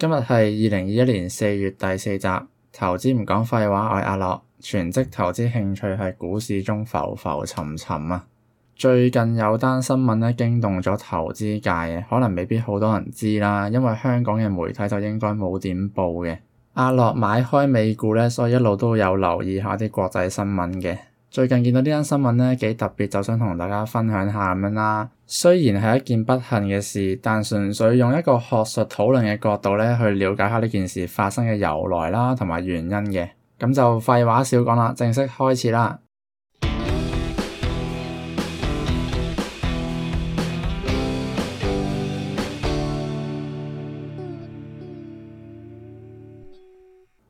今日係二零二一年四月第四集，投資唔講廢話。我係阿樂，全職投資興趣係股市中浮浮沉沉啊。最近有單新聞咧，驚動咗投資界嘅，可能未必好多人知啦，因為香港嘅媒體就應該冇點報嘅。阿樂買開美股咧，所以一路都有留意下啲國際新聞嘅。最近見到呢單新聞咧，幾特別，就想同大家分享下咁樣啦。雖然係一件不幸嘅事，但純粹用一個學術討論嘅角度咧，去了解下呢件事發生嘅由來啦，同埋原因嘅。咁就廢話少講啦，正式開始啦。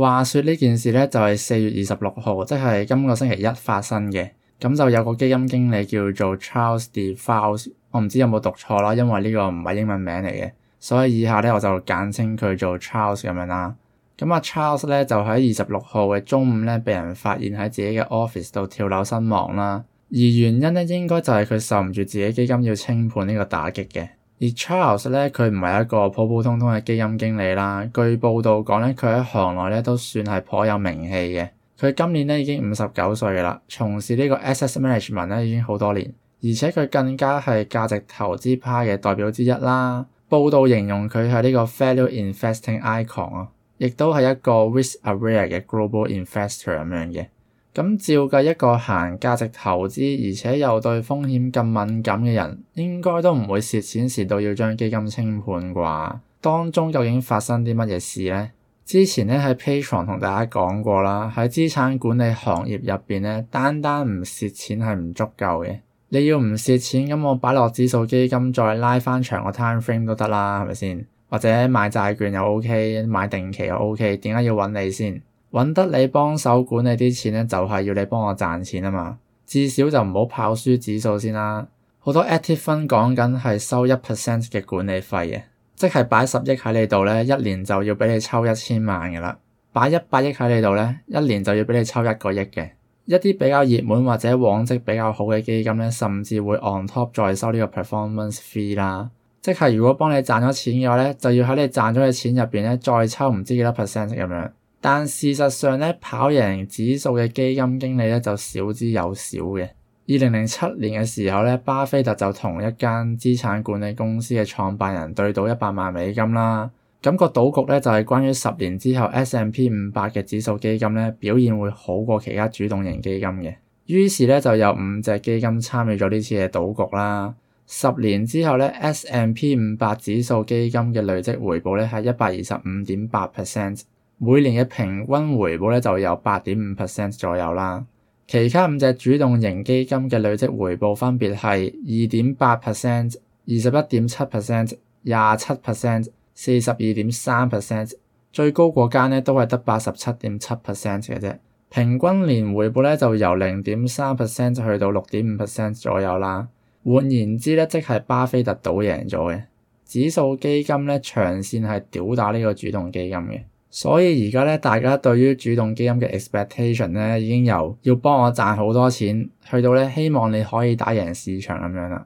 話說呢件事呢，就係四月二十六號，即係今個星期一發生嘅。咁就有個基金經理叫做 Charles de Vaulx，我唔知有冇讀錯啦，因為呢個唔係英文名嚟嘅，所以以下呢，我就簡稱佢做 Charles 咁樣啦。咁啊 Charles 呢，就喺二十六號嘅中午呢，被人發現喺自己嘅 office 度跳樓身亡啦。而原因呢，應該就係佢受唔住自己基金要清盤呢個打擊嘅。而 Charles 咧，佢唔係一個普普通通嘅基金經理啦。據報道講咧，佢喺行內咧都算係頗有名氣嘅。佢今年咧已經五十九歲噶啦，從事呢個 asset management 咧已經好多年，而且佢更加係價值投資派嘅代表之一啦。報道形容佢係呢個 value investing icon 啊，亦都係一個 risk aware 嘅 global investor 咁樣嘅。咁照計一個行價值投資，而且又對風險咁敏感嘅人，應該都唔會蝕錢蝕到要將基金清盤啩？當中究竟發生啲乜嘢事呢？之前咧喺 Patreon 同大家講過啦，喺資產管理行業入邊咧，單單唔蝕錢係唔足夠嘅。你要唔蝕錢咁，我擺落指數基金再拉翻長個 time frame 都得啦，係咪先？或者買債券又 OK，買定期又 OK，點解要揾你先？揾得你幫手管理啲錢咧，就係要你幫我賺錢啊嘛。至少就唔好跑輸指數先啦。好多 active fund 講緊係收一 percent 嘅管理費嘅，即係擺十億喺你度咧，一年就要俾你抽一千萬嘅啦。擺一百億喺你度咧，一年就要俾你抽一個億嘅。一啲比較熱門或者往績比較好嘅基金咧，甚至會 on top 再收呢個 performance fee 啦。即係如果幫你賺咗錢嘅話咧，就要喺你賺咗嘅錢入邊咧，再抽唔知幾多 percent 咁樣。但事實上咧，跑贏指數嘅基金經理咧就少之又少嘅。二零零七年嘅時候咧，巴菲特就同一間資產管理公司嘅創辦人對賭一百萬美金啦。咁個賭局咧就係關於十年之後 S&P 五百嘅指數基金咧表現會好過其他主動型基金嘅。於是咧就有五隻基金參與咗呢次嘅賭局啦。十年之後咧，S&P 五百指數基金嘅累積回報咧係一百二十五點八 percent。每年嘅平均回報咧就有八點五 percent 左右啦。其他五隻主動型基金嘅累積回報分別係二點八 percent、二十一點七 percent、廿七 percent、四十二點三 percent，最高嗰間咧都係得八十七點七 percent 嘅啫。平均年回報咧就由零點三 percent 去到六點五 percent 左右啦。換言之咧，即係巴菲特賭贏咗嘅指數基金咧，長線係屌打呢個主動基金嘅。所以而家咧，大家對於主動基金嘅 expectation 咧，已經由要幫我賺好多錢，去到咧希望你可以打贏市場咁樣啦。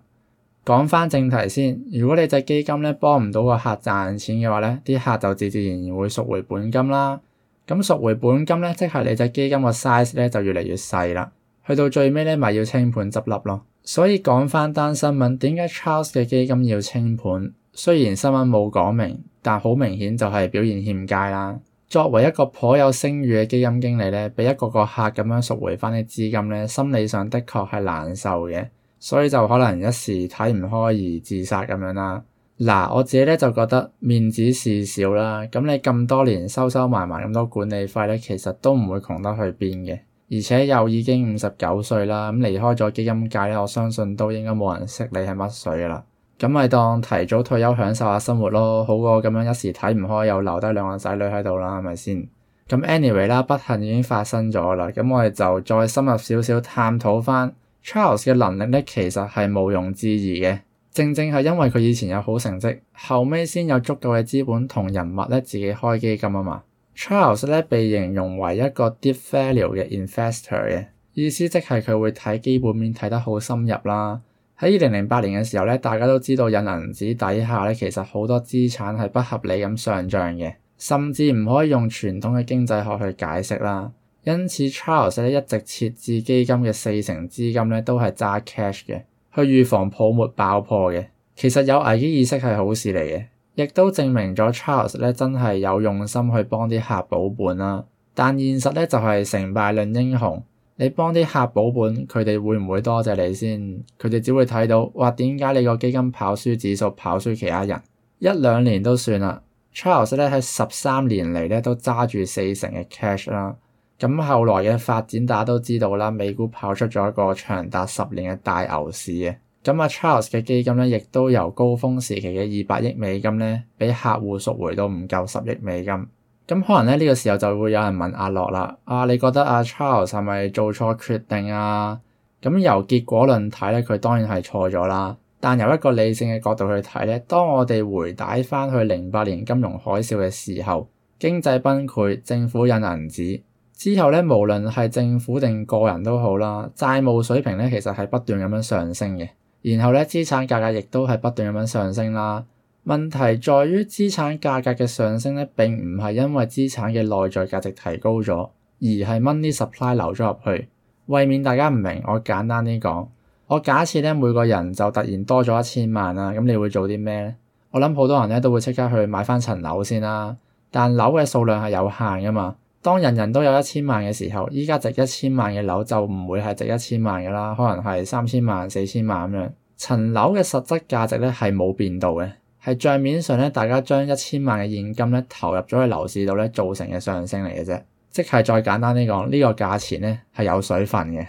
講翻正題先，如果你隻基金咧幫唔到個客賺錢嘅話咧，啲客就自自然然會贖回本金啦。咁贖回本金咧，即係你隻基金個 size 咧就越嚟越細啦。去到最尾咧，咪要清盤執笠咯。所以講翻單新聞，點解 Charles 嘅基金要清盤？雖然新聞冇講明。但好明顯就係表現欠佳啦。作為一個頗有聲譽嘅基金經理咧，俾一個個客咁樣贖回翻啲資金咧，心理上的確係難受嘅，所以就可能一時睇唔開而自殺咁樣啦。嗱，我自己咧就覺得面子事少啦。咁你咁多年收收埋埋咁多管理費咧，其實都唔會窮得去邊嘅。而且又已經五十九歲啦，咁離開咗基金界咧，我相信都應該冇人識你係乜水嘅啦。咁咪當提早退休享受下生活咯，好過咁樣一時睇唔開又留低兩個仔女喺度啦，係咪先？咁 anyway 啦，不幸已經發生咗啦，咁我哋就再深入少少探討翻 Charles 嘅能力咧，其實係毋庸置疑嘅，正正係因為佢以前有好成績，後尾先有足夠嘅資本同人脈咧自己開基金啊嘛。Charles 咧被形容為一個 deep value 嘅 investor 嘅意思，即係佢會睇基本面睇得好深入啦。喺二零零八年嘅時候咧，大家都知道印銀紙底下咧，其實好多資產係不合理咁上漲嘅，甚至唔可以用傳統嘅經濟學去解釋啦。因此 Charles 咧一直設置基金嘅四成資金咧都係揸 cash 嘅，去預防泡沫爆破嘅。其實有危機意識係好事嚟嘅，亦都證明咗 Charles 咧真係有用心去幫啲客保本啦。但現實咧就係成敗論英雄。你幫啲客保本，佢哋會唔會多謝你先？佢哋只會睇到，哇，點解你個基金跑輸指數，跑輸其他人？一兩年都算啦。Charles 咧喺十三年嚟咧都揸住四成嘅 cash 啦。咁、嗯、後來嘅發展大家都知道啦，美股跑出咗一個長達十年嘅大牛市嘅。咁、嗯、阿 Charles 嘅基金咧，亦都由高峰時期嘅二百億美金咧，俾客戶贖回到唔夠十億美金。咁可能咧呢、呢個時候就會有人問阿樂啦，啊你覺得阿、啊、Charles 係咪做錯決定啊？咁由結果論睇咧，佢當然係錯咗啦。但由一個理性嘅角度去睇咧，當我哋回帶翻去零八年金融海嘯嘅時候，經濟崩潰，政府印銀紙之後咧，無論係政府定個人都好啦，債務水平咧其實係不斷咁樣上升嘅。然後咧，資產價格亦都係不斷咁樣上升啦。問題在於資產價格嘅上升咧，並唔係因為資產嘅內在價值提高咗，而係 money supply 流咗入去。為免大家唔明，我簡單啲講，我假設咧每個人就突然多咗一千萬啦，咁你會做啲咩咧？我諗好多人咧都會即刻去買翻層樓先啦。但樓嘅數量係有限噶嘛，當人人都有一千萬嘅時候，依家值一千萬嘅樓就唔會係值一千萬噶啦，可能係三千萬、四千萬咁樣。層樓嘅實質價值咧係冇變到嘅。係帳面上咧，大家將一千萬嘅現金咧投入咗去樓市度咧，造成嘅上升嚟嘅啫。即係再簡單啲講，呢、這個價錢咧係有水分嘅。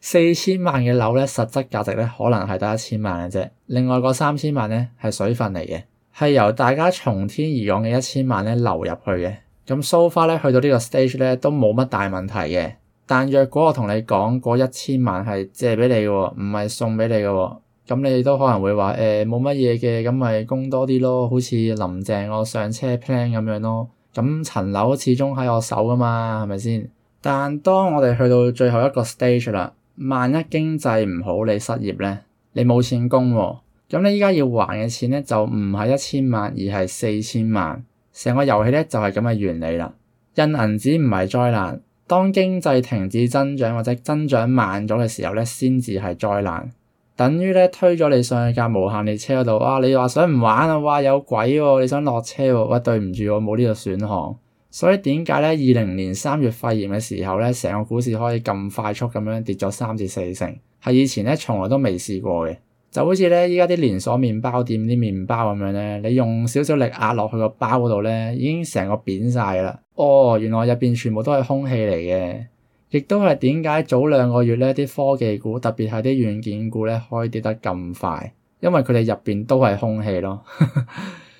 四千萬嘅樓咧，實質價值咧可能係得一千萬嘅啫。另外嗰三千萬咧係水分嚟嘅，係由大家從天而降嘅一千萬咧流入去嘅。咁 so far 咧去到呢個 stage 咧都冇乜大問題嘅。但若果我同你講嗰一千萬係借俾你嘅喎，唔係送俾你嘅喎。咁你都可能會話誒冇乜嘢嘅，咁咪供多啲咯，好似林鄭我上車 plan 咁樣咯。咁層樓始終喺我手噶嘛，係咪先？但當我哋去到最後一個 stage 啦，萬一經濟唔好，你失業咧，你冇錢供喎啊，咁你依家要還嘅錢咧就唔係一千萬，而係四千萬。成個遊戲咧就係咁嘅原理啦。印銀紙唔係災難，當經濟停止增長或者增長慢咗嘅時候咧，先至係災難。等於咧推咗你上架無限列車嗰度，哇！你話想唔玩啊？哇！有鬼喎，啊！你想落車喎，啊？喂，對唔住，啊，我冇呢個選項。所以點解咧？二零年三月肺炎嘅時候咧，成個股市可以咁快速咁樣跌咗三至四成，係以前咧從來都未試過嘅。就好似咧依家啲連鎖麵包店啲麵包咁樣咧，你用少少力壓落去個包嗰度咧，已經成個扁晒㗎啦。哦，原來入邊全部都係空氣嚟嘅。亦都係點解早兩個月呢啲科技股特別係啲軟件股咧，開跌得咁快？因為佢哋入邊都係空氣咯，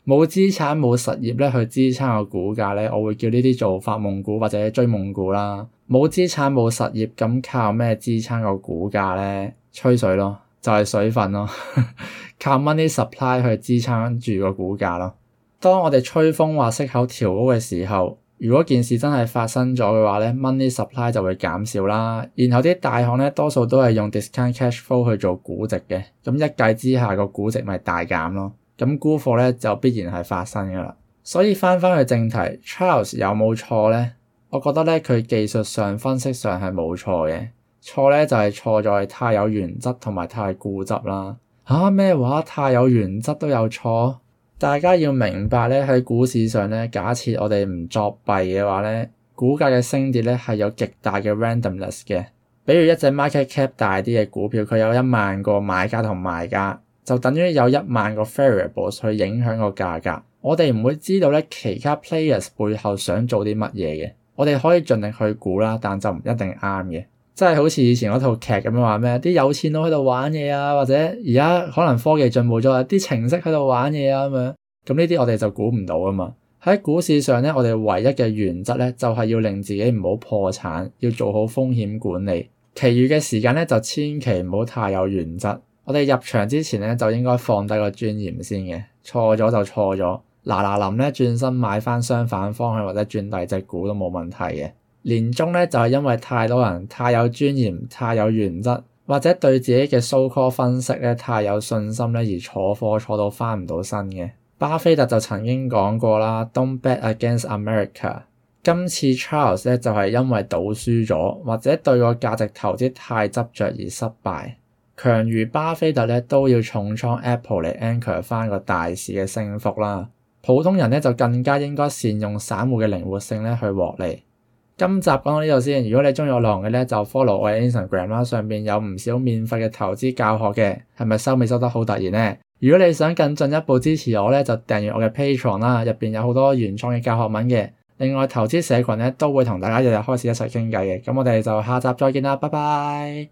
冇 資產冇實業咧去支撐個股價咧，我會叫呢啲做發夢股或者追夢股啦。冇資產冇實業咁靠咩支撐個股價咧？吹水咯，就係、是、水分咯， 靠 money supply 去支撐住個股價咯。當我哋吹風話息口調高嘅時候。如果件事真係發生咗嘅話咧，money supply 就會減少啦。然後啲大行咧多數都係用 discount cash flow 去做估值嘅，咁一計之下，個估值咪大減咯。咁沽貨咧就必然係發生噶啦。所以翻返去正題，Charles 有冇錯咧？我覺得咧佢技術上分析上係冇錯嘅，錯咧就係錯在太有原則同埋太固執啦。吓、啊，咩話？太有原則都有錯？大家要明白咧，喺股市上咧，假設我哋唔作弊嘅話咧，股價嘅升跌咧係有極大嘅 randomness 嘅。比如一隻 market cap 大啲嘅股票，佢有一萬個買家同賣家，就等於有一萬個 variables 去影響個價格。我哋唔會知道咧，其他 players 背後想做啲乜嘢嘅。我哋可以盡力去估啦，但就唔一定啱嘅。真係好似以前嗰套劇咁樣話咩？啲有錢佬喺度玩嘢啊，或者而家可能科技進步咗，啲程式喺度玩嘢啊咁樣。咁呢啲我哋就估唔到啊嘛。喺股市上咧，我哋唯一嘅原則咧，就係要令自己唔好破產，要做好風險管理。其餘嘅時間咧，就千祈唔好太有原則。我哋入場之前咧，就應該放低個尊嚴先嘅。錯咗就錯咗，嗱嗱臨咧轉身買翻相反方向或者轉第二隻股都冇問題嘅。年終咧就係、是、因為太多人太有尊嚴，太有原則，或者對自己嘅數科分析咧太有信心咧，而坐科坐到翻唔到身嘅。巴菲特就曾經講過啦，Don’t bet against America。今次 Charles 咧就係、是、因為賭輸咗，或者對個價值投資太執着而失敗。強如巴菲特咧都要重倉 Apple 嚟 anchor 翻個大市嘅升幅啦。普通人咧就更加應該善用散戶嘅靈活性咧去獲利。今集講到呢度先，如果你中意我嘅嘢咧，就 follow 我嘅 Instagram 啦，上邊有唔少免費嘅投資教學嘅，係咪收未收得好突然呢？如果你想更進一步支持我咧，就訂閱我嘅 Patreon 啦，入邊有好多原創嘅教學文嘅。另外，投資社群咧都會同大家日日開始一齊傾偈嘅。咁我哋就下集再見啦，拜拜。